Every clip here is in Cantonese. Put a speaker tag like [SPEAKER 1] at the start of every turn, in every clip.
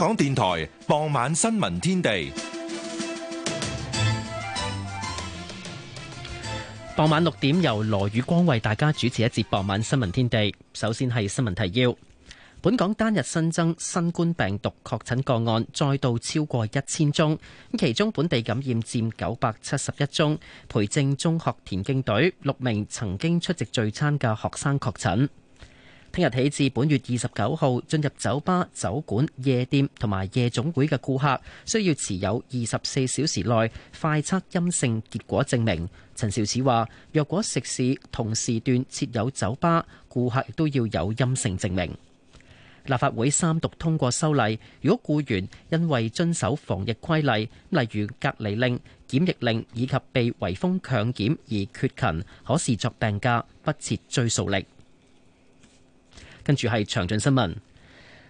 [SPEAKER 1] 香港電台傍晚新聞
[SPEAKER 2] 天地，傍晚六點由羅宇光為大家主持一節傍晚新聞天地。首先係新聞提要：本港單日新增新冠病毒確診個案再度超過一千宗，其中本地感染佔九百七十一宗。培正中學田徑隊六名曾經出席聚餐嘅學生確診。聽日起至本月二十九號，進入酒吧、酒館、夜店同埋夜總會嘅顧客，需要持有二十四小時內快測陰性結果證明。陳肇始話：若果食肆同時段設有酒吧，顧客亦都要有陰性證明。立法會三讀通過修例，如果雇員因為遵守防疫規例，例如隔離令、檢疫令以及被圍封強檢而缺勤，可視作病假，不設追溯力。跟住係詳盡新聞。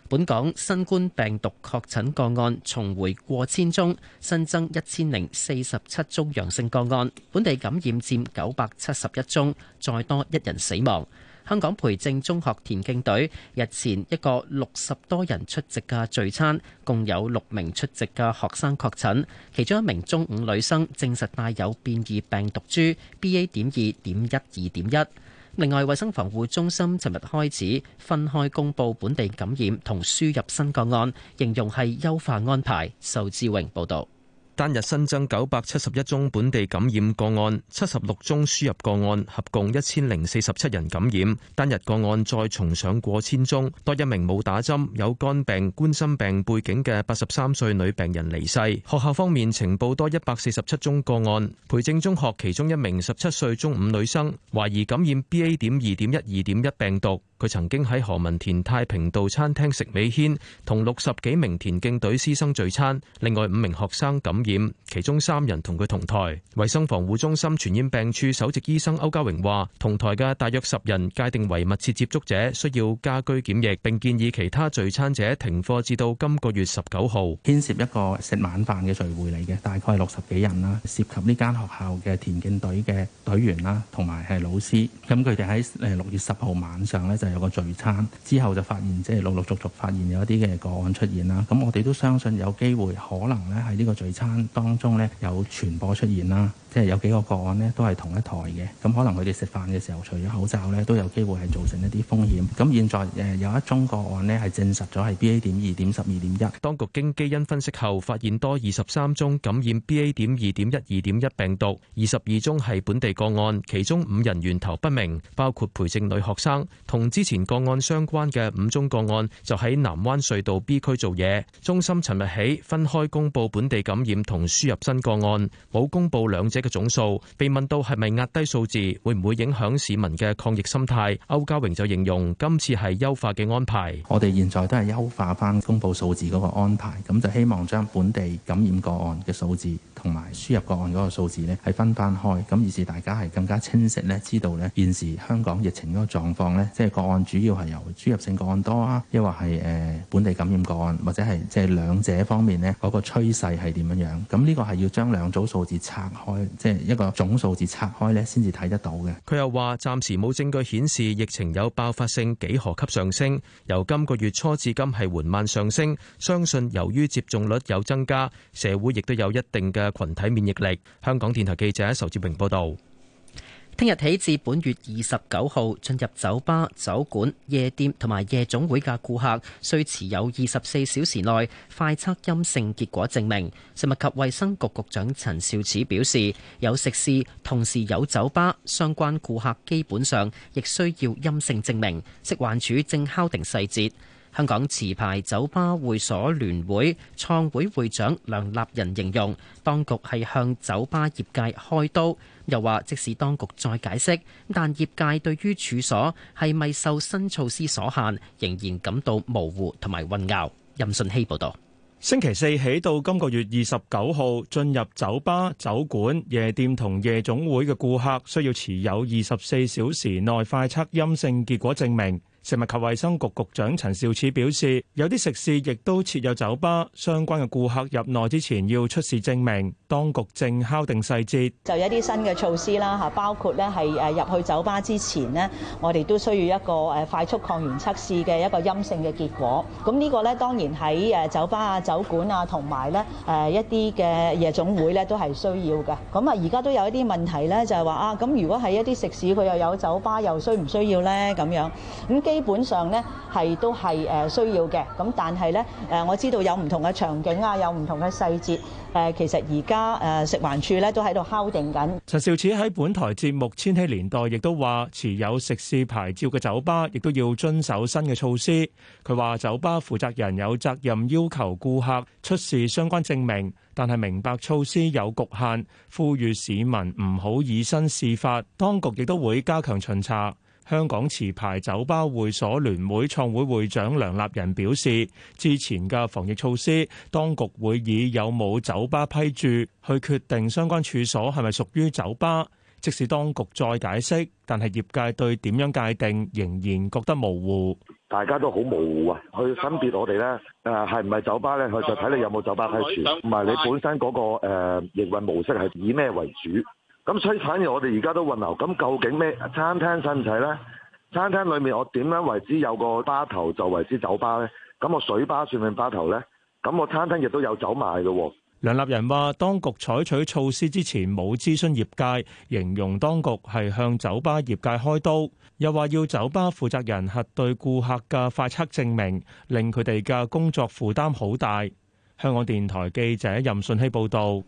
[SPEAKER 2] 本港新冠病毒確診個案重回過千宗，新增一千零四十七宗陽性個案，本地感染佔九百七十一宗，再多一人死亡。香港培正中學田徑隊日前一個六十多人出席嘅聚餐，共有六名出席嘅學生確診，其中一名中五女生證實帶有變異病毒株 BA 點二點一二點一。另外，衞生防護中心尋日開始分開公佈本地感染同輸入新個案，形容係優化安排。仇志榮報導。單日新增九百七十一宗本地感染個案，七十六宗
[SPEAKER 3] 輸入個案，合共一千零四十七人感染。單日個案再重上過千宗，多一名冇打針、有肝病、冠心病背景嘅八十三歲女病人離世。學校方面，情報多一百四十七宗個案，培正中學其中一名十七歲中五女生懷疑感染 BA.2.12.1 病毒。佢曾經喺何文田太平道餐廳食美軒，同六十幾名田徑隊師生聚餐，另外五名學生感染，其中三人同佢同台。衞生防護中心傳染病處首席醫生歐家榮話：同台嘅大約十人界定為密切接觸者，需要家居檢疫，並建議其他聚餐者停課至到今個月十九號。牽涉一個食晚飯嘅聚
[SPEAKER 4] 會嚟嘅，大概六十幾人啦，涉及呢間學校嘅田徑隊嘅隊員啦，同埋係老師，咁佢哋喺誒六月十號晚上呢，就有個聚餐之後，就發現即係、就是、陸陸續續發現有一啲嘅個案出現啦。咁我哋都相信有機會可能咧喺呢個聚餐當中咧有傳播出現啦。即係有幾個個案咧，都係同一台嘅，咁可能佢哋食飯嘅時候除咗口罩咧，都有機會係造成一啲風險，咁現在誒有一
[SPEAKER 3] 宗個案咧，係證實咗係 B A 點二點十二點一。當局經基因分析後發現多二十三宗感染 B A 點二點一、二點一病毒，二十二宗係本地個案，其中五人源頭不明，包括培正女學生。同之前個案相關嘅五宗個案，就喺南灣隧道 B 區做嘢。中心尋日起分開公佈本地感染同輸入新個案，冇公佈兩者。嘅總數被問到係咪壓低數字，會唔會影響市民嘅抗疫心態？歐家榮就形容今次係優化嘅安排。
[SPEAKER 4] 我哋現在都係優化翻公布數字嗰個安排，咁就希望將本地感染個案嘅數字同埋輸入個案嗰個數字咧，係分翻開，咁而，是大家係更加清晰咧，知道咧現時香港疫情嗰個狀況咧，即係個案主要係由輸入性個案多啊，抑或係誒本地感染個案，或者係即係兩者方面咧嗰個趨勢係點樣樣？咁呢個係要將兩組數字拆開。即係一個總數字拆開咧，先至睇得到嘅。
[SPEAKER 3] 佢又話：暫時冇證據顯示疫情有爆發性幾何級上升，由今個月初至今係緩慢上升。相信由於接種率有增加，社會亦都有一定嘅群體免疫力。香港電台記者仇志平報道。
[SPEAKER 2] 聽日起至本月二十九號，進入酒吧、酒館、夜店同埋夜總會嘅顧客，需持有二十四小時內快測陰性結果證明。食物及衛生局局長陳肇始表示，有食肆同時有酒吧，相關顧客基本上亦需要陰性證明。食環署正敲定細節。香港持牌酒吧會所聯會創會會長梁立仁形容，當局係向酒吧業界開刀，又話即使當局再解釋，但業界對於處所係咪受新措施所限，仍然感到模糊同埋混淆。任信希報導，星期四起到今個月
[SPEAKER 1] 二十九號，進入酒吧、酒館、夜店同夜總會嘅顧客需要持有二十四小時內快測陰性結果證明。食物及衞生局局長陳肇始表示，有啲食肆亦都設有酒吧，相關嘅顧客入內之前要出示證明。當局正敲定細節，
[SPEAKER 5] 就有一啲新嘅措施啦，嚇，包括咧係誒入去酒吧之前咧，我哋都需要一個誒快速抗原測試嘅一個陰性嘅結果。咁呢個咧當然喺誒酒吧啊、酒館啊，同埋咧誒一啲嘅夜總會咧都係需要嘅。咁啊，而家都有一啲問題咧，就係話啊，咁如果係一啲食肆佢又有酒吧，又需唔需要咧咁樣？咁基基本上呢，係都係誒需要嘅。咁但係呢，誒我知道有唔同嘅場景啊，有唔同嘅細節。誒其實而家誒食環署呢都喺度敲定緊。
[SPEAKER 1] 陳肇始喺本台節目《千禧年代》亦都話，持有食肆牌照嘅酒吧亦都要遵守新嘅措施。佢話：酒吧負責人有責任要求顧客出示相關證明，但係明白措施有局限，呼籲市民唔好以身試法。當局亦都會加強巡查。香港持牌酒吧會所聯會創會會長梁立仁表示：之前嘅防疫措施，當局會以有冇酒吧批注去決定相關處所係咪屬於酒吧。即使當局再解釋，但係業界對點樣界定仍然覺得模糊。大家都好模糊啊！去分別我哋咧，誒係唔係酒吧咧？佢就睇你有冇酒吧批注，唔係你本身嗰個誒營運模式係以咩為主？咁所以反而我哋而家都混淆，咁究竟咩餐廳使唔使咧？餐廳裏面我點樣為之有個吧頭就為之酒吧呢？咁我水吧算唔算吧頭咧？咁我餐廳亦都有酒賣噶喎。梁立人話：當局採取措施之前冇諮詢業界，形容當局係向酒吧業界開刀，又話要酒吧負責人核對顧客嘅快測證明，令佢哋嘅工作負擔好大。香港電台記者任
[SPEAKER 2] 信希報導。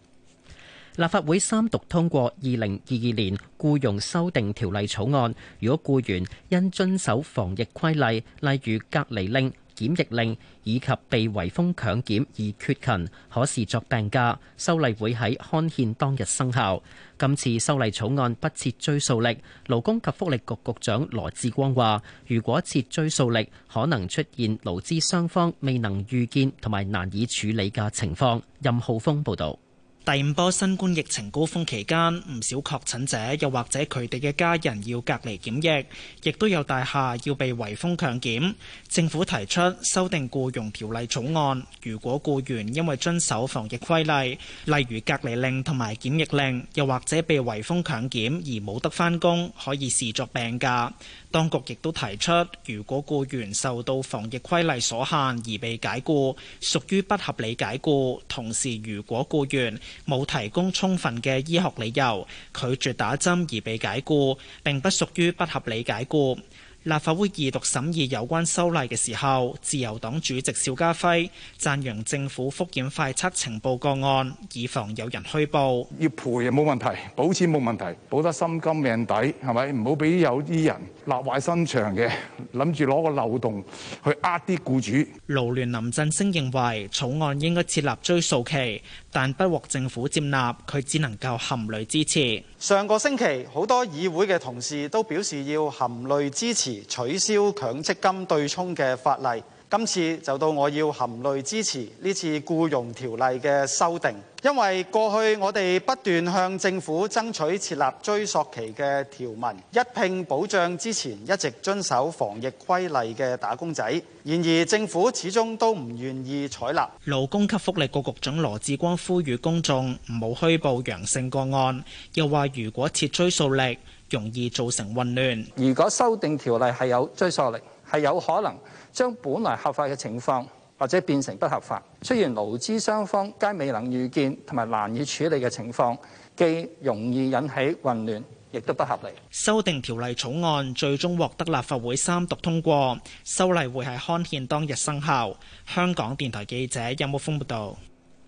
[SPEAKER 2] 立法會三讀通過《二零二二年僱傭修訂條例草案》，如果雇員因遵守防疫規例，例如隔離令、檢疫令以及被圍封強檢而缺勤，可視作病假。修例會喺刊憲當日生效。今次修例草案不設追溯力，勞工及福利局局長羅志光話：如果設追溯力，可能出現勞資雙方未能預見同埋難以處理嘅情況。任浩峰報導。第五波新冠疫情高峰期間唔少確診者又或者佢
[SPEAKER 6] 哋嘅家人要隔離檢疫，亦都有大廈要被圍封強檢，政府提出修訂僱用條例草案，如果僱員因為遵守防疫規例，例如隔離令同埋檢疫令，又或者被圍封強檢而冇得返工，可以視作病假。當局亦都提出，如果僱員受到防疫規例所限而被解僱，屬於不合理解僱。同時，如果僱員，冇提供充分嘅醫學理由拒絕打針而被解雇，並不屬於不合理解雇。立法會二讀審議有關修例嘅時候，自由黨主席邵家輝讚揚政府復檢快測情報個案，以防有人虛報。要賠又冇問題，保錢冇問題，保得心甘命抵，係咪？唔好俾有啲人立壞心腸嘅，諗住攞個漏洞去呃啲僱主。勞聯林振昇認為草案應該設立追訴期。但不獲政府接納，佢只能夠含淚支持。
[SPEAKER 7] 上個星期，好多議會嘅同事都表示要含淚支持取消強積金對沖嘅法例。今次就到我要含淚支持呢次僱傭條例嘅修訂。因為過去我哋不斷向政府爭取設立追溯期嘅條文，一併保障之前一直遵守防疫規例嘅打工仔。然而政府始終都唔願意採納。
[SPEAKER 6] 勞工及福利局局長羅致光呼籲公眾唔好虛報陽性個案，又話如果設追溯力，容易造成混亂。
[SPEAKER 7] 如果修訂條例係有追溯力，係有可能將本來合法嘅情況，或者變成不合法，雖然勞資雙方皆未能預見同埋難以處理嘅情況，既容易引起混亂，亦都不合
[SPEAKER 6] 理。修訂條例草案最終獲得立法會三讀通過，修例會係
[SPEAKER 2] 刊憲當日生效。香港電台記者任木峰報道：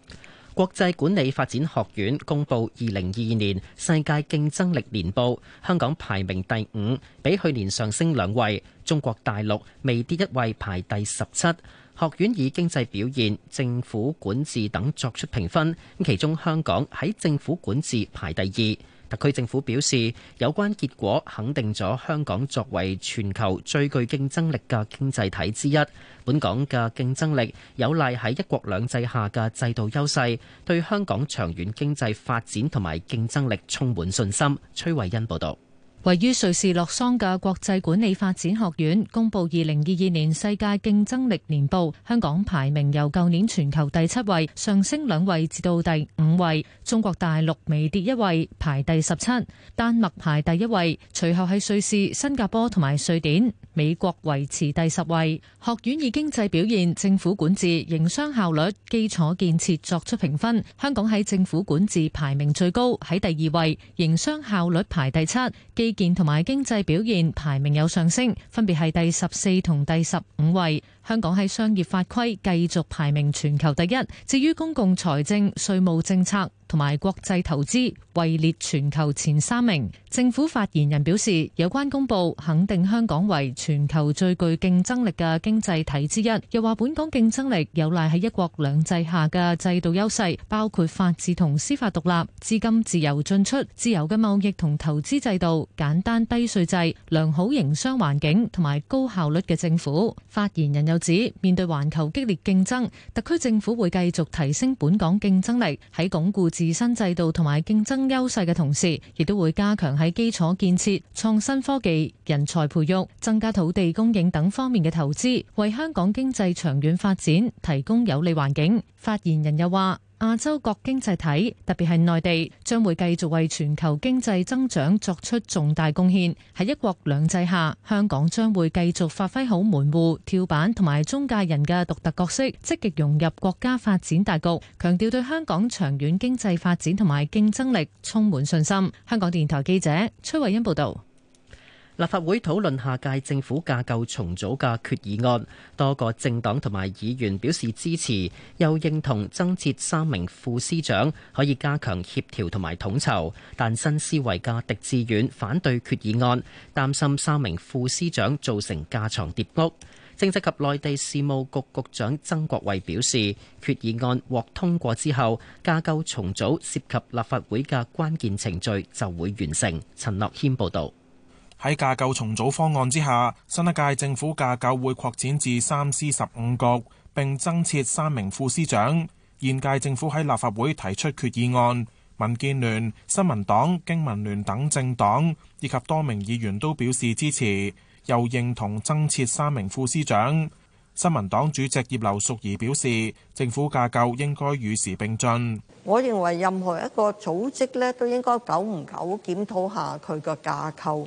[SPEAKER 2] 「國際管理發展學院公布二零二二年世界競爭力年報，香港排名第五，比去年上升兩位。中國大陸未跌一位，排第十七。學院以經濟表現、政府管治等作出評分，其中香港喺政府管治排第二。特區政府表示，有關結果肯定咗香港作為全球最具競爭力嘅經濟體之一。本港嘅競爭力有賴喺一國兩制下嘅制度優勢，對香港長遠經濟發展同埋競爭力充滿信心。崔慧欣報道。
[SPEAKER 8] 位於瑞士洛桑嘅國際管理發展學院公布二零二二年世界競爭力年報，香港排名由舊年全球第七位上升兩位至到第五位，中國大陸微跌一位排第十七，丹麥排第一位，隨後係瑞士、新加坡同埋瑞典。美國維持第十位，學院以經濟表現、政府管治、營商效率、基礎建設作出評分。香港喺政府管治排名最高，喺第二位；營商效率排第七，基建同埋經濟表現排名有上升，分別係第十四同第十五位。香港喺商業法規繼續排名全球第一，至於公共財政、稅務政策同埋國際投資，位列全球前三名。政府發言人表示，有關公佈肯定香港為全球最具競爭力嘅經濟體之一。又話本港競爭力有賴喺一國兩制下嘅制度優勢，包括法治同司法獨立、資金自由進出、自由嘅貿易同投資制度、簡單低稅制、良好營商環境同埋高效率嘅政府。發言人又指面對環球激烈競爭，特區政府會繼續提升本港競爭力，喺鞏固自身制度同埋競爭優勢嘅同時，亦都會加強喺基礎建設、創新科技、人才培育、增加土地供應等方面嘅投資，為香港經濟長遠發展提供有利環境。發言人又話。亞洲各經濟體，特別係內地，將會繼續為全球經濟增長作出重大貢獻。喺一國兩制下，香港將會繼續發揮好門戶、跳板同埋中介人嘅獨特角色，積極融入國家發展大局，強調對香港長遠經濟發展同埋競爭力充滿信心。香港電台記者崔慧欣報道。
[SPEAKER 2] 立法會討論下屆政府架構重組嘅決議案，多個政黨同埋議員表示支持，又認同增設三名副司長可以加強協調同埋統籌。但新思維嘅狄志遠反對決議案，擔心三名副司長造成架床疊屋。政制及內地事務局局，局長曾國衛表示，決議案獲通過之後，架構重組涉，涉及立法會嘅關鍵程序就會完成。陳樂謙報道。喺架構重組方案之下，新一屆政府架構會擴展至
[SPEAKER 9] 三司十五局，並增設三名副司長。現屆政府喺立法會提出決議案，民建聯、新民黨、經民聯等政黨以及多名議員都表示支持，又認同增設三名副司長。新民黨主席葉劉淑儀表示，政府架構應該與時並進。
[SPEAKER 7] 我認為任何一個組織咧都應該久唔久檢討下佢個架構。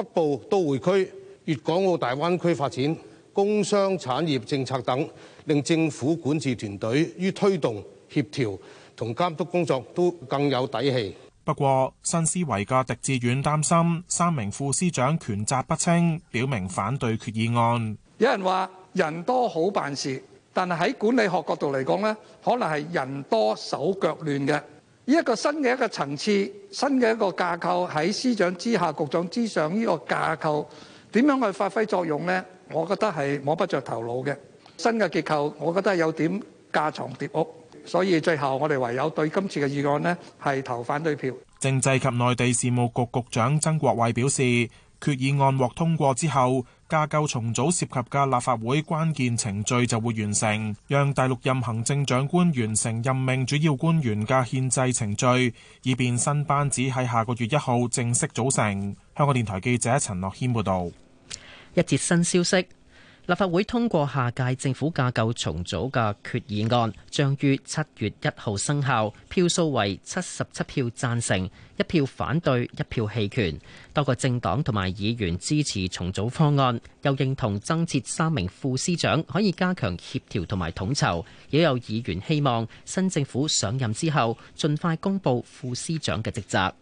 [SPEAKER 9] 北部都會區、粵港澳大灣區發展、工商產業政策等，令政府管治團隊於推動、協調同監督工作都更有底氣。不過，新思維嘅狄志遠擔心三名副司長權責不清，表明反對決議案。有人話人多好辦事，但係喺管理學角度嚟講呢，可能係人多手腳亂嘅。依一個新
[SPEAKER 7] 嘅一個層次，新嘅一個架構喺司長之下、局長之上呢個架構，
[SPEAKER 10] 點樣去發揮作用呢？我覺得係摸不着頭腦嘅。新嘅結構，我覺得係有點架床疊屋，所以最後我哋唯有對今次嘅議案呢，係
[SPEAKER 9] 投反對票。政制及內地事務局局，局長曾國衛表示。決議案獲通過之後，架構重組涉及嘅立法會關鍵程序就會完成，讓第六任行政長官完成任命主要官員嘅憲制程序，以便新班子喺下個月一號正式組成。香港電台記者陳樂軒報
[SPEAKER 2] 導。一節新消息。立法會通過下屆政府架構重組嘅決議案，將於七月一號生效，票數為七十七票贊成，一票反對，一票棄權。多個政黨同埋議員支持重組方案，又認同增設三名副司長可以加強協調同埋統籌。也有議員希望新政府上任之後盡快公布副司長嘅職責。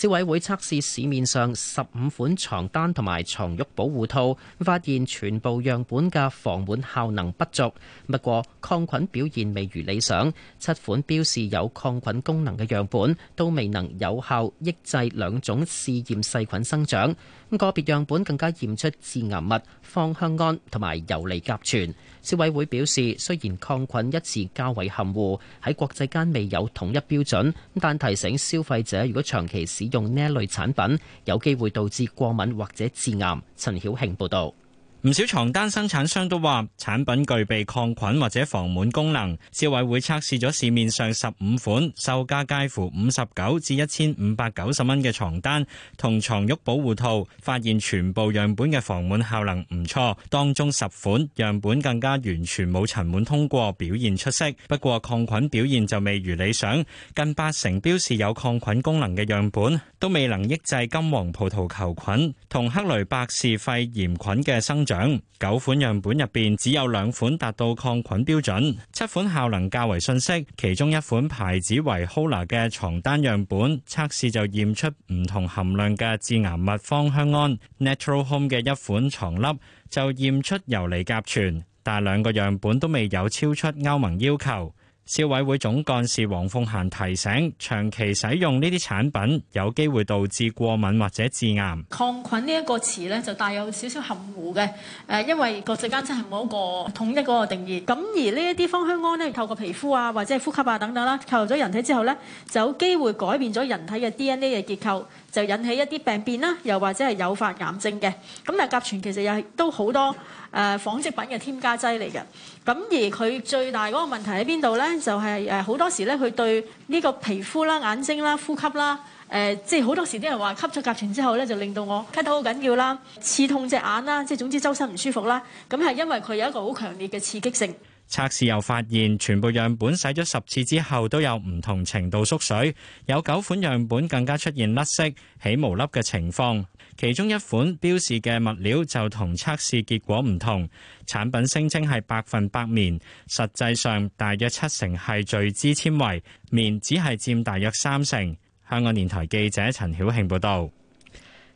[SPEAKER 2] 消委會測試市面上十五款床單同埋床褥保護套，發現全部樣本嘅防蟎效能不足。不過抗菌表現未如理想，七款標示有抗菌功能嘅樣本都未能有效抑制兩種試驗細菌生長。個別樣本更加驗出致癌物芳香胺同埋游離甲醛。消委會表示，雖然抗菌一詞較為含糊，喺國際間未有統一標準，但提醒消費者如果長期使用呢類產品，有機會導致過敏或者致癌。陳曉慶報導。唔少床單生產商都話
[SPEAKER 7] 產品具備抗菌或者防蟎功能。消委會測試咗市面上十五款售價介乎五十九至一千五百九十蚊嘅床單同床褥保護套，發現全部樣本嘅防蟎效能唔錯，當中十款樣本更加完全冇塵蟎通過，表現出色。不過抗菌表現就未如理想，近八成標示有抗菌功能嘅樣本都未能抑制金黃葡萄球菌同克雷伯氏肺炎菌嘅生長。獎九款樣本入面只有兩款達到抗菌標準，七款效能較為遜色。其中一款牌子為 Hola 嘅床單樣本測試就驗出唔同含量嘅致癌物芳香胺，Natural Home 嘅一款床笠就驗出游離甲醛，但係兩個樣本都未有超出歐盟要求。消委會總幹事黃鳳嫻提醒，長期使用呢啲產品，有機會導致過敏或者致癌。
[SPEAKER 5] 抗菌詞呢一個詞咧，就帶有少少含糊嘅，誒，因為國際間真係冇一個統一嗰個定義。咁而呢一啲芳香胺呢，透過皮膚啊或者係呼吸啊等等啦，進入咗人體之後咧，就有機會改變咗人體嘅 DNA 嘅結構。就引起一啲病變啦，又或者係誘發癌症嘅。咁但甲醛其實又係都好多誒、呃、紡織品嘅添加劑嚟嘅。咁而佢最大嗰個問題喺邊度咧？就係誒好多時咧，佢對呢個皮膚啦、眼睛啦、呼吸啦，誒、呃、即係好多時啲人話吸咗甲醛之後咧，就令到我咳得好緊要啦、刺痛隻眼啦，即係總之周身唔舒服啦。咁係因為佢有一個好強烈嘅刺激性。
[SPEAKER 7] 測試又發現，全部樣本洗咗十次之後都有唔同程度縮水，有九款樣本更加出現甩色、起毛粒嘅情況。其中一款標示嘅物料就同測試結果唔同，產品聲稱係百分百棉，實際上大約七成係聚酯纖維，棉
[SPEAKER 2] 只係佔大約三成。香港電台記者陳曉慶報導。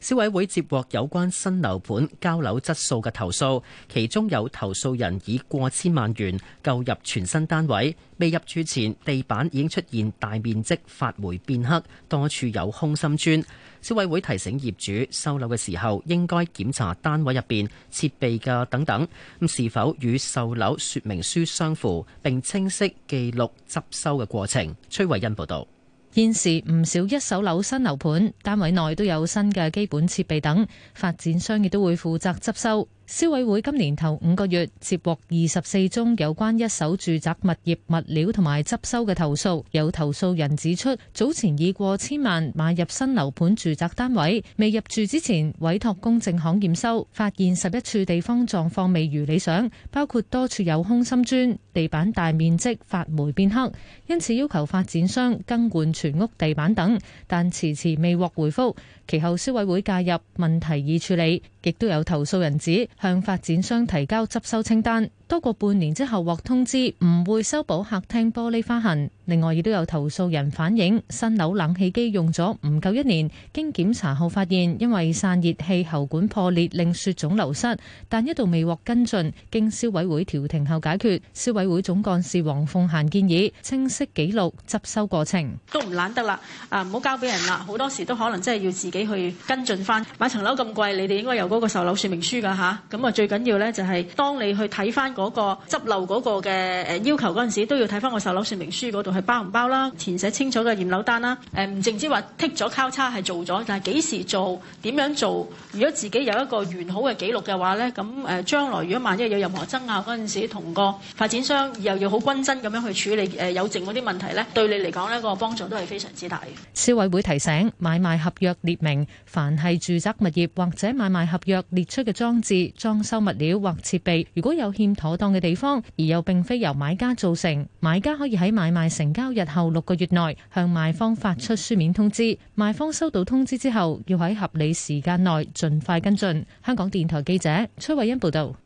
[SPEAKER 2] 消委會接獲有關新樓盤交樓質素嘅投訴，其中有投訴人以過千萬元購入全新單位，未入住前地板已經出現大面積發霉變黑，多處有空心磚。消委會提醒業主收樓嘅時候應該檢查單位入邊設備嘅等等，咁是否與售樓說明書相符，並清晰記錄執收嘅過程。崔慧欣報道。
[SPEAKER 8] 現時唔少一手樓新樓盤，單位內都有新嘅基本設備等，發展商亦都會負責執修。消委會今年頭五個月接獲二十四宗有關一手住宅物業物料同埋執收嘅投訴，有投訴人指出早前以過千萬買入新樓盤住宅單位，未入住之前委託公證行驗收，發現十一處地方狀況未如理想，包括多處有空心磚、地板大面積發霉變黑，因此要求發展商更換全屋地板等，但遲遲未獲回覆。其後消委會介入，問題已處理，亦都有投訴人指。向發展商提交執修清單。多過半年之後獲通知唔會修補客廳玻璃花痕。另外亦都有投訴人反映新樓冷氣機用咗唔夠一年，經檢查後發現因為散熱氣喉管破裂令雪種流失，但一度未獲跟進，經消委會調停後解決。消委會總幹事黃鳳嫻建議清晰記錄執修過程，
[SPEAKER 5] 都唔懶得啦，啊，唔好交俾人啦，好多時都可能真係要自己去跟進翻。買層樓咁貴，你哋應該有嗰個售樓説明書㗎嚇。咁，啊最緊要呢，就係當你去睇翻嗰個執漏嗰個嘅誒要求嗰陣時，都要睇翻個售樓説明書嗰度係包唔包啦，填寫清楚嘅驗樓單啦。誒唔淨止話剔咗交叉係做咗，但係幾時做、點樣做？如果自己有一個完好嘅記錄嘅話咧，咁誒將來如果萬一有任何爭拗嗰陣時，同個發展商又要好均真咁樣去處理誒有證嗰啲問題咧，對你嚟講咧個幫助都係非常之大嘅。
[SPEAKER 8] 消委會提醒買賣合約列明，凡係住宅物業或者買賣合約列出嘅裝置、裝修物料或設備，如果有欠妥當嘅地方，而又並非由買家造成，買家可以喺買賣成交日後六個月內向賣方發出書面通知，賣方收到通知之後，要喺合理時間內盡快跟進。香港電台記者崔慧欣報道。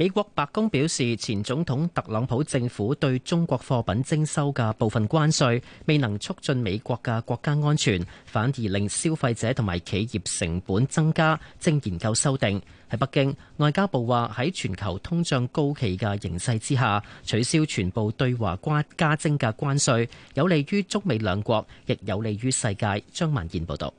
[SPEAKER 2] 美國白宮表示，前總統特朗普政府對中國貨品徵收嘅部分關稅未能促進美國嘅國家安全，反而令消費者同埋企業成本增加，正研究修訂。喺北京，外交部話，喺全球通脹高企嘅形勢之下，取消全部對華加徵嘅關稅，有利於中美兩國，亦有利於世界。張曼燕報道。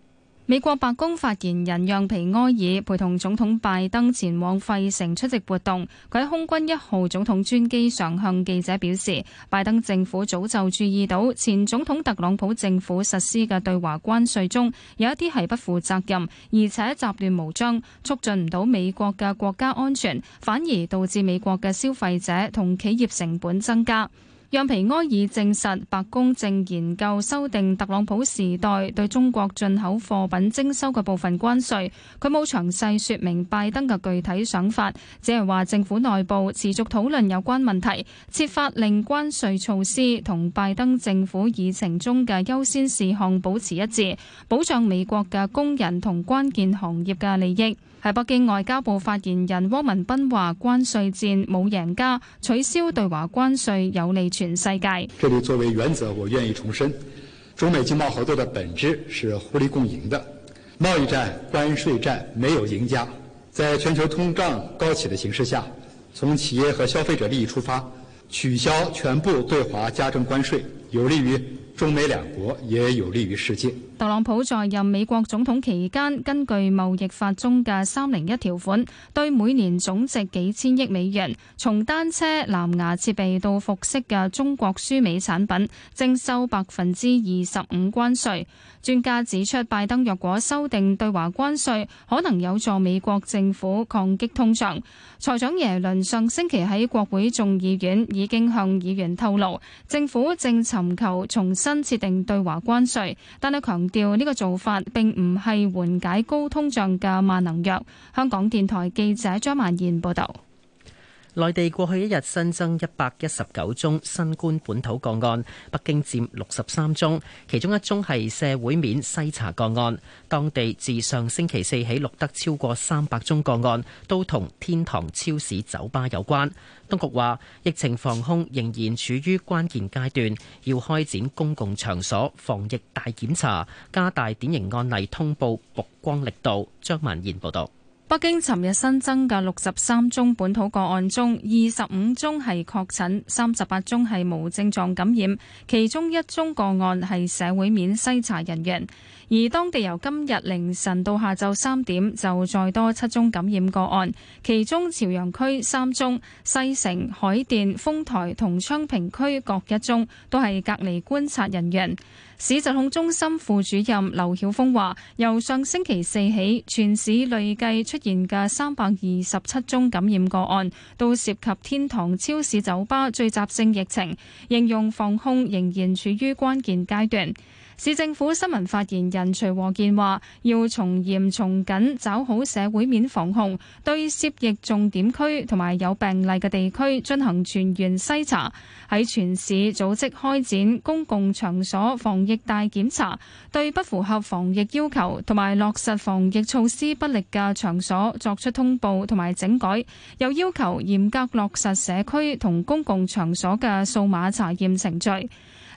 [SPEAKER 11] 美國白宮發言人讓皮埃爾陪同總統拜登前往費城出席活動，佢喺空軍一號總統專機上向記者表示，拜登政府早就注意到前總統特朗普政府實施嘅對華關稅中有一啲係不負責任，而且雜亂無章，促進唔到美國嘅國家安全，反而導致美國嘅消費者同企業成本增加。讓皮埃爾證實，白宮正研究修訂特朗普時代對中國進口貨品徵收嘅部分關稅。佢冇詳細說明拜登嘅具體想法，只係話政府內部持續討論有關問題，設法令關稅措施同拜登政府議程中嘅優先事項保持一致，保障美國嘅工人同關鍵行業嘅利益。喺北京外交部發言人汪文斌話：關稅戰冇贏家，取消對華關稅有利全世界。
[SPEAKER 7] 這裏作為原則，我願意重申。中美經貿合作的本質是互利共贏的，貿易戰、關稅戰沒有贏家。在全球通脹高企的形勢下，從企業和消費者利益出發，取消全部對華加徵關稅，有利於中美兩國，也有利於世界。
[SPEAKER 11] 特朗普在任美國總統期間，根據貿易法中嘅三零一條款，對每年總值幾千億美元、從單車、藍牙設備到服飾嘅中國輸美產品徵收百分之二十五關稅。專家指出，拜登若果修訂對華關稅，可能有助美國政府抗擊通脹。財長耶倫上星期喺國會眾議院已經向議員透露，政府正尋求重新設定對華關稅，但係強。調呢、這個做法，並唔係緩解高通脹嘅萬能藥。香港電台記者張萬賢報道。
[SPEAKER 2] 內地過去一日新增一百一十九宗新冠本土個案，北京佔六十三宗，其中一宗係社會面篩查個案。當地自上星期四起錄得超過三百宗個案，都同天堂超市酒吧有關。當局話，疫情防控仍然處於關鍵階段，要開展公共場所防疫大檢查，加大典型案例通報曝光力度。張文燕報導。
[SPEAKER 11] 北京尋日新增嘅六十三宗本土個案中，二十五宗係確診，三十八宗係無症狀感染，其中一宗個案係社會面篩查人員。而當地由今日凌晨到下晝三點就再多七宗感染個案，其中朝陽區三宗、西城、海淀、豐台同昌平區各一宗，都係隔離觀察人員。市疾控中心副主任劉曉峰話：由上星期四起，全市累計出現嘅三百二十七宗感染個案，都涉及天堂超市酒吧聚集性疫情，應用防控仍然處於關鍵階段。市政府新聞發言人徐和健話：要從嚴從緊，抓好社會面防控，對涉疫重點區同埋有病例嘅地區進行全員篩查；喺全市組織開展公共場所防疫大檢查，對不符合防疫要求同埋落實防疫措施不力嘅場所作出通報同埋整改；又要求嚴格落實社區同公共場所嘅數碼查驗程序。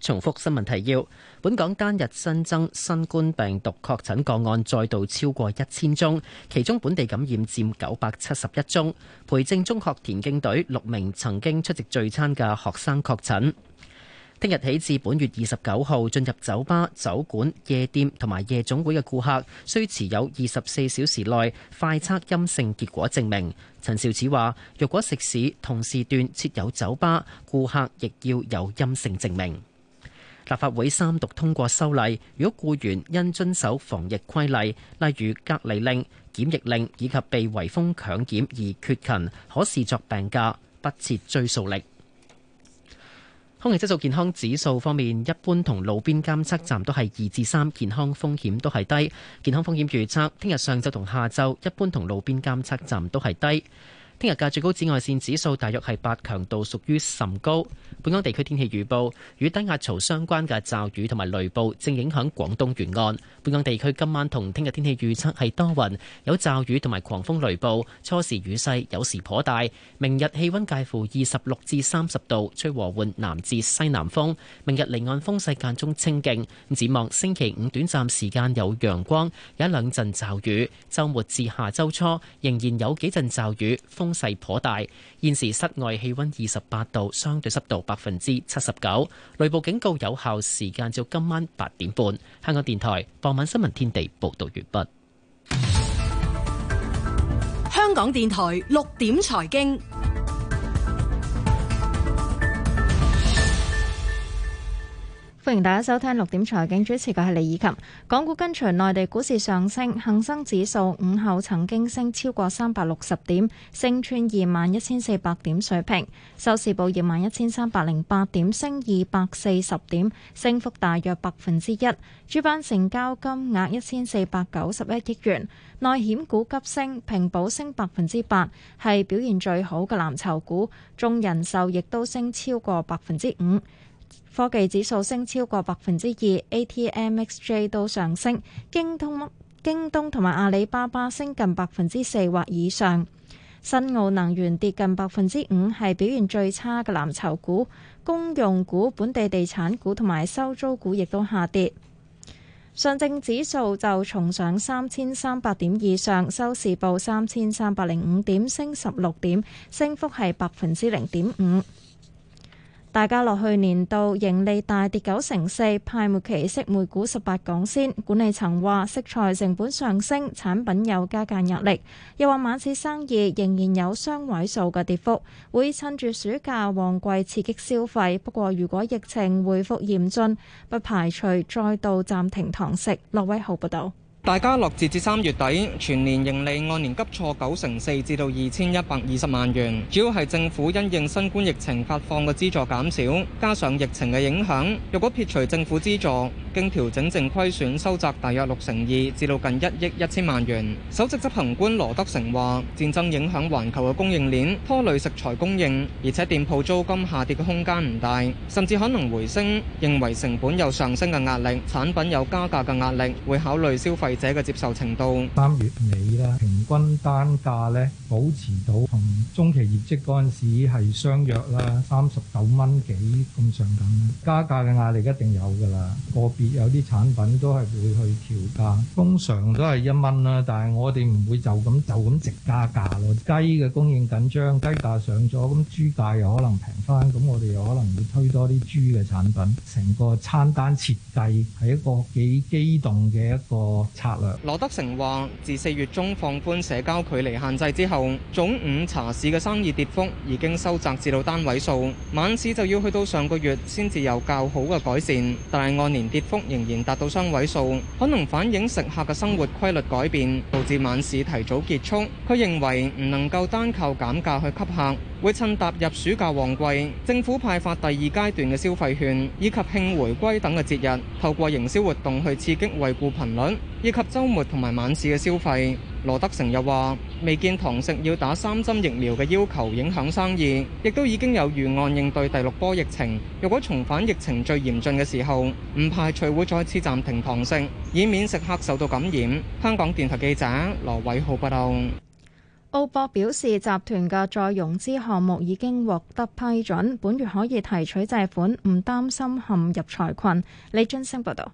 [SPEAKER 2] 重複新聞提要：本港單日新增新冠病毒確診個案再度超過一千宗，其中本地感染佔九百七十一宗。培正中學田徑隊六名曾經出席聚餐嘅學生確診。聽日起至本月二十九號，進入酒吧、酒館、夜店同埋夜總會嘅顧客，需持有二十四小時內快測陰性結果證明。陳肇始話：若果食肆同時段設有酒吧，顧客亦要有陰性證明。立法會三讀通過修例，如果雇員因遵守防疫規例，例如隔離令、檢疫令以及被圍封強檢而缺勤，可視作病假，不設追溯力。空氣質素健康指數方面，一般同路邊監測站都係二至三，健康風險都係低。健康風險預測，聽日上晝同下晝一般同路邊監測站都係低。聽日嘅最高紫外線指數大約係八，強度屬於甚高。本港地區天氣預報，與低壓槽相關嘅驟雨同埋雷暴正影響廣東沿岸。本港地區今晚同聽日天氣預測係多雲，有驟雨同埋狂風雷暴，初時雨勢有時頗大。明日氣溫介乎二十六至三十度，吹和緩南至西南風。明日離岸風勢間中清勁。展望星期五短暫時間有陽光，有一兩陣驟雨。周末至下周初仍然有幾陣驟雨，風。風勢頗大，現時室外氣溫二十八度，相對濕度百分之七十九。雷暴警告有效時間至今晚八點半。香港電台傍晚新聞天地報道完畢。
[SPEAKER 5] 香港電台六點財經。
[SPEAKER 12] 歡迎大家收聽六點財經，主持嘅係李以琴。港股跟隨內地股市上升，恒生指數午後曾經升超過三百六十點，升穿二萬一千四百點水平。收市報二萬一千三百零八點，升二百四十點，升幅大約百分之一。主板成交金額一千四百九十一億元。內險股急升，平保升百分之八，係表現最好嘅藍籌股。中人壽亦都升超過百分之五。科技指數升超過百分之二，ATMXJ 都上升，京東、京東同埋阿里巴巴升近百分之四或以上。新奧能源跌近百分之五，係表現最差嘅藍籌股。公用股、本地地產股同埋收租股亦都下跌。上證指數就重上三千三百點以上，收市報三千三百零五點，升十六點，升幅係百分之零點五。大家樂去年度盈利大跌九成四，派末期息每股十八港仙。管理層話食材成本上升，產品有加價壓力，又話晚市生意仍然有雙位數嘅跌幅，會趁住暑假旺季刺激消費。不過如果疫情回復嚴峻，不排除再度暫停堂食。駱威豪報道。
[SPEAKER 10] 大家樂截至三月底全年盈利按年急挫九成四，至到二千一百二十萬元。主要係政府因應新冠疫情發放嘅資助減少，加上疫情嘅影響，若果撇除政府資助，經調整淨虧損收窄，大約六成二，至到近一億一千萬元。首席執行官羅德成話，戰爭影響環球嘅供應鏈，拖累食材供應，而且店鋪租金下跌嘅空間唔大，甚至可能回升。認為成本有上升嘅壓力，產品有加價嘅壓力，會考慮消費。者嘅
[SPEAKER 12] 接受程度，三月尾啦，平均
[SPEAKER 1] 單價咧保持到同中期業績嗰陣時係相若啦，三十九蚊幾咁上下，加價嘅壓力一定有㗎啦。個別有啲產品都係會去調價，通常都係一蚊啦。但係我哋唔會就咁就咁直加價咯。雞嘅供應緊張，雞價上咗，咁豬價又可能平返，咁我哋又可能要推多啲豬嘅產品。成個餐單設計係一個幾機動嘅一個。
[SPEAKER 10] 羅德成話，自四月中放寬社交距離限制之後，早午茶市嘅生意跌幅已經收窄至到單位數，晚市就要去到上個月先至有較好嘅改善，但係按年跌幅仍然達到雙位數，可能反映食客嘅生活規律改變，導致晚市提早結束。佢認為唔能夠單靠減價去吸客。會趁踏入暑假旺季，政府派發第二階段嘅消費券，以及慶回歸等嘅節日，透過營銷活動去刺激惠顧頻率，以及週末同埋晚市嘅消費。羅德成又話，未見堂食要打三針疫苗嘅要求影響生意，亦都已經有預案應對第六波疫情。若果重返疫情最嚴峻嘅時候，唔排除會再次暫停堂食，以免食客受到感染。香港電台記者羅偉浩報道。
[SPEAKER 12] 澳博表示，集團嘅再融資項目已經獲得批准，本月可以提取借款，唔擔心陷入財困。李津生報道。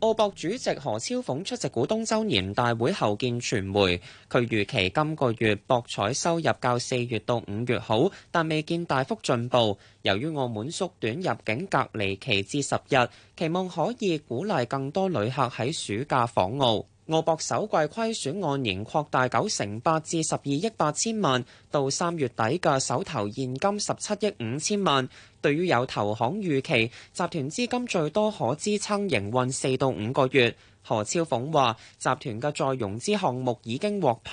[SPEAKER 13] 澳博主席何超鳳出席股東周年大會後見傳媒，佢預期今個月博彩收入較四月到五月好，但未見大幅進步。由於澳門縮短入境隔離期至十日，期望可以鼓勵更多旅客喺暑假訪澳。澳博首季虧損按年擴大九成八至十二億八千萬，到三月底嘅手頭現金十七億五千萬。對於有投行預期，集團資金最多可支撐營運四到五個月。何超鳳話：集團嘅再融資項目已經獲批，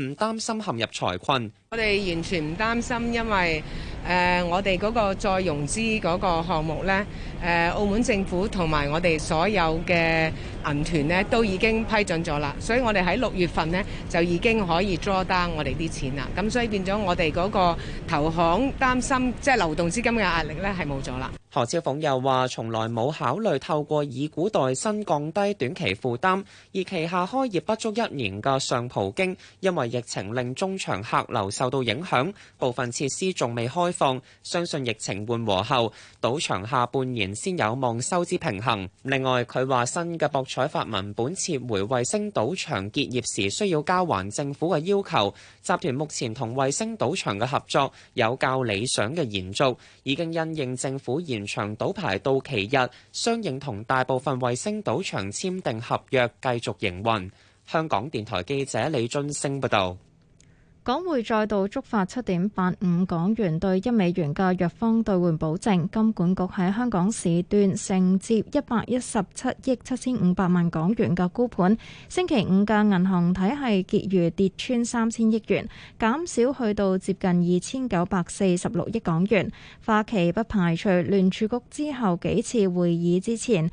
[SPEAKER 13] 唔擔心陷入財困。
[SPEAKER 10] 我哋完全唔擔心，因為誒、呃、我哋嗰個再融資嗰個項目咧，誒、呃、澳門政府同埋我哋所有嘅銀團咧都已經批准咗啦，所以我哋喺六月份咧就已經可以 draw down 我哋啲錢啦，咁所以變咗我哋嗰個投行擔心即係流動資金嘅壓力咧係冇咗啦。
[SPEAKER 13] 何超鳳又話從來冇考慮透過以股代薪降低短期負擔，而旗下開業不足一年嘅上葡京，因為疫情令中場客流受到影響，部分設施仲未開放，相信疫情緩和後，賭場下半年先有望收支平衡。另外，佢話新嘅博彩法文本撤回衞星賭場結業時需要交還政府嘅要求。集團目前同衞星賭場嘅合作有較理想嘅延續，已經因應政府延長賭牌到期日，相應同大部分衞星賭場簽訂合約繼續營運。香港電台記者李津升報道。
[SPEAKER 12] 港匯再度觸發七點八五港元對一美元嘅弱方兌換保證，金管局喺香港時段承接一百一十七億七千五百萬港元嘅沽盤。星期五嘅銀行體系結餘跌穿三千億元，減少去到接近二千九百四十六億港元。花旗不排除聯儲局之後幾次會議之前，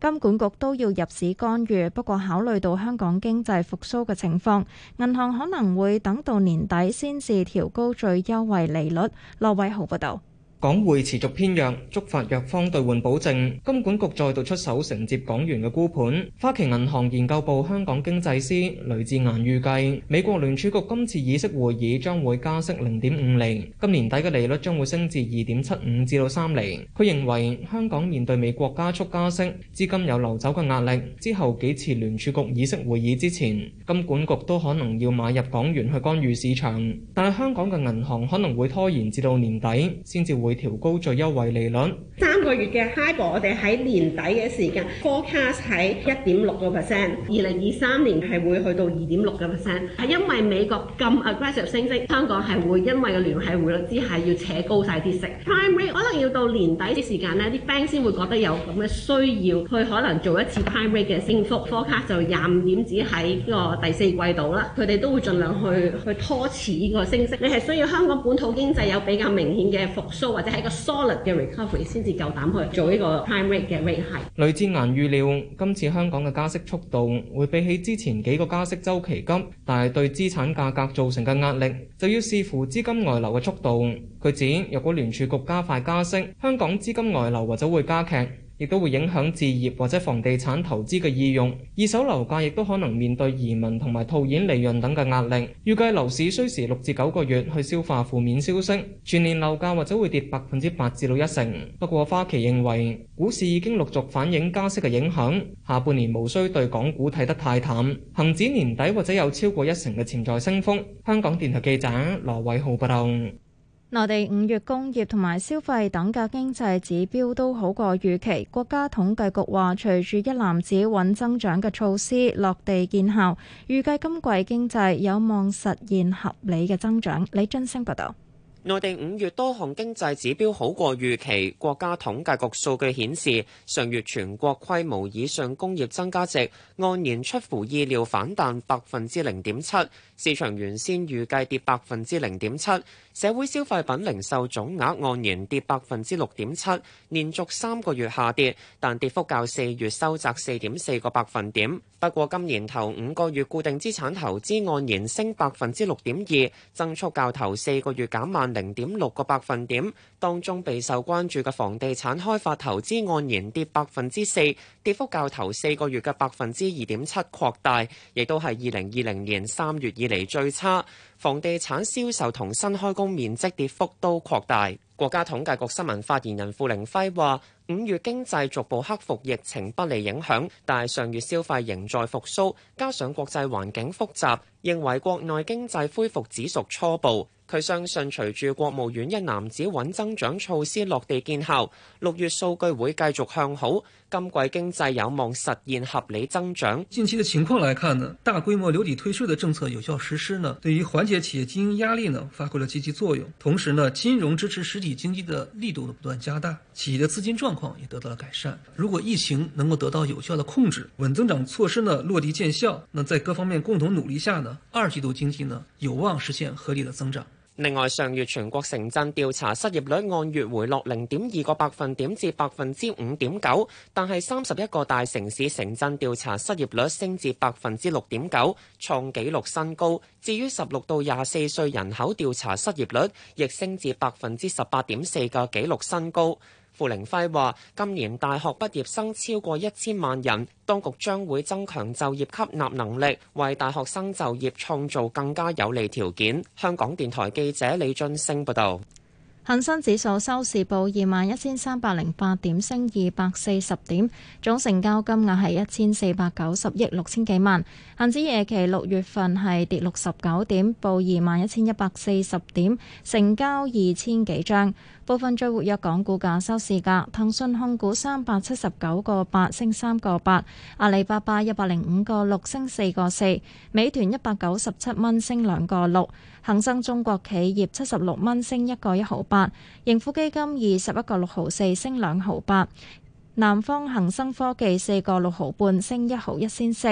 [SPEAKER 12] 金管局都要入市干預，不過考慮到香港經濟復蘇嘅情況，銀行可能會等到年底先至調高最優惠利率。羅偉豪報道。
[SPEAKER 10] 港匯持續偏弱，觸發弱方兌換保證，金管局再度出手承接港元嘅沽盤。花旗銀行研究部香港經濟師雷志岩預計，美國聯儲局今次議息會議將會加息零點五厘，今年底嘅利率將會升至二點七五至到三厘，佢認為香港面對美國加速加息，資金有流走嘅壓力。之後幾次聯儲局議息會議之前，金管局都可能要買入港元去干預市場，但係香港嘅銀行可能會拖延至到年底先至會。調高最優惠利率。
[SPEAKER 5] 三個月嘅 HIBOR，我哋喺年底嘅時間 forecast 喺一點六個 percent。二零二三年係會去到二點六個 percent，係因為美國咁 aggressive 升息，香港係會因為個聯繫匯率之下要扯高晒啲息。Prime rate 可能要到年底啲時間呢，啲 bank 先會覺得有咁嘅需要，去可能做一次 prime rate 嘅升幅。Forecast 就廿五點子喺呢個第四季度啦，佢哋都會盡量去去拖遲呢個升息。你係需要香港本土經濟有比較明顯嘅復甦。或或者係一個 solid 嘅 recovery 先至夠膽去做呢個 prime rate 嘅 rate hike。
[SPEAKER 10] 雷志顏預料，今次香港嘅加息速度會比起之前幾個加息週期急，但係對資產價格造成嘅壓力就要視乎資金外流嘅速度。佢指，若果聯儲局加快加息，香港資金外流或者會加劇。亦都會影響置業或者房地產投資嘅意欲。二手樓價亦都可能面對移民同埋套現利潤等嘅壓力。預計樓市需時六至九個月去消化負面消息，全年樓價或者會跌百分之八至到一成。不過花旗認為股市已經陸續反映加息嘅影響，下半年無需對港股睇得太淡。恒指年底或者有超過一成嘅潛在升幅。香港電台記者羅偉豪報道。
[SPEAKER 12] 內地五月工業同埋消費等嘅經濟指標都好過預期。國家統計局話，隨住一攬子穩增長嘅措施落地見效，預計今季經濟有望實現合理嘅增長。李津升報道，
[SPEAKER 13] 內地五月多項經濟指標好過預期。國家統計局數據顯示，上月全國規模以上工業增加值按年出乎意料反彈百分之零點七。市場原先預計跌百分之零點七，社會消費品零售總額按年跌百分之六點七，連續三個月下跌，但跌幅較四月收窄四點四個百分點。不過今年頭五個月固定資產投資按年升百分之六點二，增速較頭四個月減慢零點六個百分點。當中備受關注嘅房地產開發投資按年跌百分之四，跌幅較頭四個月嘅百分之二點七擴大，亦都係二零二零年三月以以嚟最差，房地產銷售同新開工面積跌幅都擴大。國家統計局新聞發言人傅凌輝話：五月經濟逐步克服疫情不利影響，但係上月消費仍在復甦，加上國際環境複雜，認為國內經濟恢復只屬初步。佢相信，隨住國務院一攬子穩增長措施落地見效，六月數據會繼續向好，今季經濟有望實現合理增長。
[SPEAKER 10] 近期的情況來看呢，大規模留抵退稅的政策有效實施呢，對於緩解企業經營壓力呢，發揮了積極作用。同時呢，金融支持實體經濟的力度呢不斷加大，企業的資金狀況也得到了改善。如果疫情能夠得到有效的控制，穩增長措施呢落地見效，那在各方面共同努力下呢，二季度經濟呢有望實現合理的增長。
[SPEAKER 13] 另外，上月全國城鎮調查失業率按月回落零點二個百分點至百分之五點九，但係三十一個大城市城鎮調查失業率升至百分之六點九，創紀錄新高。至於十六到廿四歲人口調查失業率，亦升至百分之十八點四嘅紀錄新高。傅凌輝話：今年大學畢業生超過一千萬人，當局將會增強就業吸納能力，為大學生就業創造更加有利條件。香港電台記者李俊升報道。
[SPEAKER 12] 恒生指數收市報二萬一千三百零八點，升二百四十點，總成交金額係一千四百九十億六千幾萬。恒指夜期六月份係跌六十九點，報二萬一千一百四十點，成交二千幾張。部分最活躍港股價收市價：騰訊控股三百七十九個八，升三個八；阿里巴巴一百零五個六，升四個四；美團一百九十七蚊，升兩個六。恒生中國企業七十六蚊，升一個一毫八，盈富基金二十一個六毫四，升兩毫八，南方恒生科技四個六毫半，升一毫一仙四，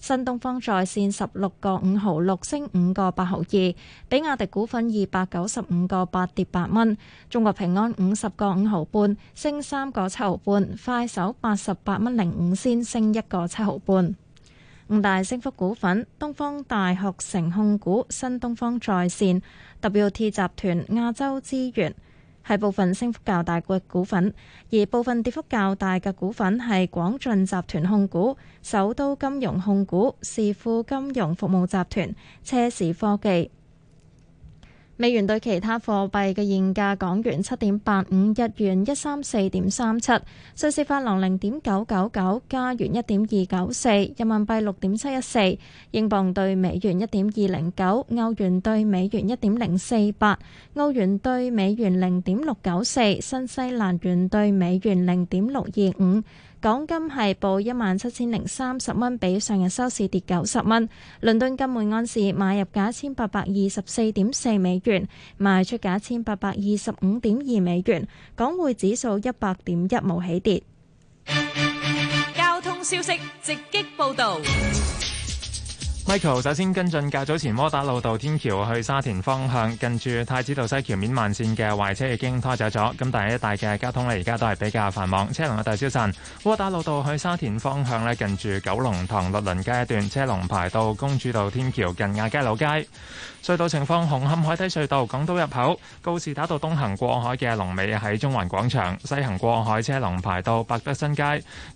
[SPEAKER 12] 新東方在綫十六個五毫六，升五個八毫二，比亞迪股份二百九十五個八，跌八蚊，中國平安五十個五毫半，升三個七毫半，快手八十八蚊零五仙，升一個七毫半。五大升幅股份：東方大學城控股、新東方在綫、W T 集團、亞洲資源，係部分升幅較大嘅股份；而部分跌幅較大嘅股份係廣駿集團控股、首都金融控股、視富金融服務集團、車時科技。美元兌其他貨幣嘅現價：港元七點八五，日元一三四點三七，瑞士法郎零點九九九，加元一點二九四，人民幣六點七一四，英鎊對美元一點二零九，歐元對美元一點零四八，歐元對美元零點六九四，新西蘭元對美元零點六二五。港金係報一萬七千零三十蚊，比上日收市跌九十蚊。倫敦金每安士買入價一千八百二十四點四美元，賣出價一千八百二十五點二美元。港匯指數一百點一，冇起跌。
[SPEAKER 8] 交通消息直擊報道。
[SPEAKER 14] Michael 首先跟進，較早前窩打老道天橋去沙田方向，近住太子道西橋面慢線嘅壞車已經拖走咗。咁第一帶嘅交通呢，而家都係比較繁忙，車龍嘅大消散。窩打老道去沙田方向呢，近住九龍塘律倫街一段，車龍排到公主道天橋近亞皆老街。隧道情況，紅磡海底隧道港島入口，告士打道東行過海嘅龍尾喺中環廣場，西行過海車龍排到百德新街。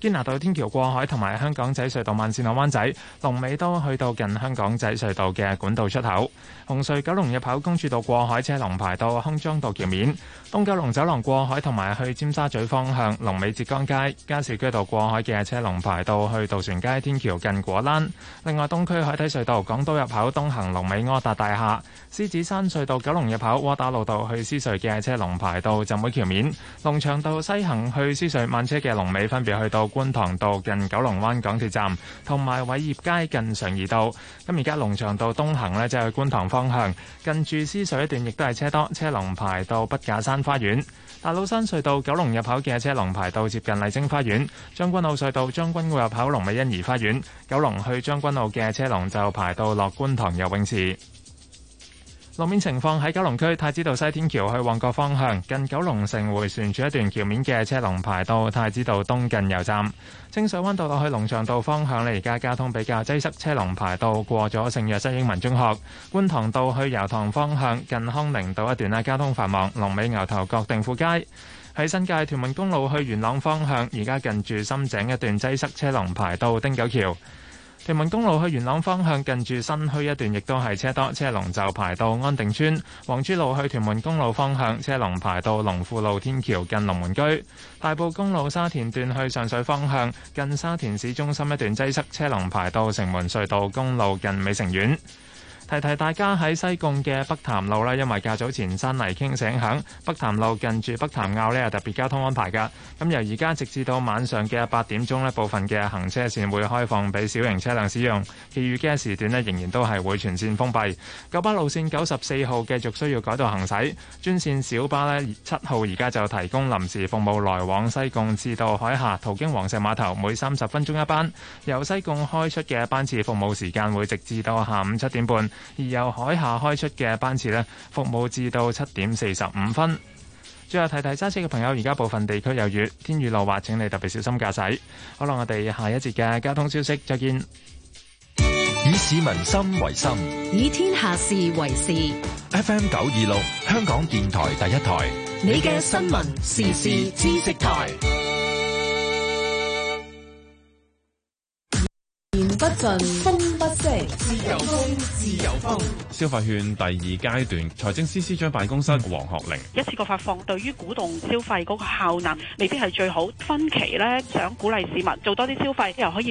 [SPEAKER 14] 堅拿道天橋過海同埋香港仔隧道慢線落灣仔，龍尾都去到，近香港仔隧道嘅管道出口，紅隧九龍入口，公主道過海車龍排到康莊道橋面；東九龍走廊過海同埋去尖沙咀方向，龍尾浙江街、加士居道過海嘅車龍排到去渡船街天橋近果欄。另外，東區海底隧道港島入口，東行龍尾柯達大廈，獅子山隧道九龍入口，窩打老道去獅隧嘅車龍排到浸會橋面；龍翔道西行去獅隧慢車嘅龍尾分別去到觀塘道近九龍灣港鐵站，同埋偉業街近常怡道。咁而家龍翔道東行呢，就係去觀塘方向，近住獅隧一段，亦都係車多，車龍排到筆架山花園；大老山隧道九龍入口嘅車龍排到接近麗晶花園；將軍澳隧道將軍澳入口龍尾欣怡花園；九龍去將軍澳嘅車龍就排到落觀塘游泳池。路面情況喺九龍區太子道西天橋去旺角方向，近九龍城迴旋處一段橋面嘅車龍排到太子道東近油站。清水灣道落去龍翔道方向咧，而家交通比較擠塞車龍，車龍排到過咗聖若瑟英文中學。觀塘道去油塘方向，近康寧道一段咧，交通繁忙。龍尾牛頭角定富街。喺新界屯門公路去元朗方向，而家近住深井一段擠塞車龍，車龍排到汀九橋。屯門公路去元朗方向，近住新墟一段，亦都係車多，車龍就排到安定村。黃珠路去屯門公路方向，車龍排到龍富路天橋近龍門居。大埔公路沙田段去上水方向，近沙田市中心一段擠塞，車龍排到城門隧道公路近美城苑。提提大家喺西貢嘅北潭路啦，因為較早前山泥傾瀉影響北潭路近住北潭坳咧，特別交通安排噶。咁、嗯、由而家直至到晚上嘅八點鐘咧，部分嘅行車線會開放俾小型車輛使用。其餘嘅時段咧，仍然都係會全線封閉。九巴路線九十四號繼續需要改道行駛，專線小巴咧七號而家就提供臨時服務來往西貢至到海下，途經黃石碼頭每三十分鐘一班。由西貢開出嘅班次服務時間會直至到下午七點半。而由海下開出嘅班次咧，服務至到七點四十五分。最後提提揸車嘅朋友，而家部分地區有雨，天雨路滑，請你特別小心駕駛。好啦，我哋下一節嘅交通消息，再見。以市民心為心，以天下事為事。FM 九二六，香港電台第一台，
[SPEAKER 13] 你嘅新聞
[SPEAKER 8] 時事知識台。不盡風不息，
[SPEAKER 13] 自
[SPEAKER 3] 由風，自由風。
[SPEAKER 8] 消
[SPEAKER 14] 費券第二階段，財政司司長辦公室黃學玲，
[SPEAKER 6] 一次過發放，對於鼓動
[SPEAKER 11] 消費嗰個效能未必係最好，分期咧，想鼓勵市民做多啲消費。又可以。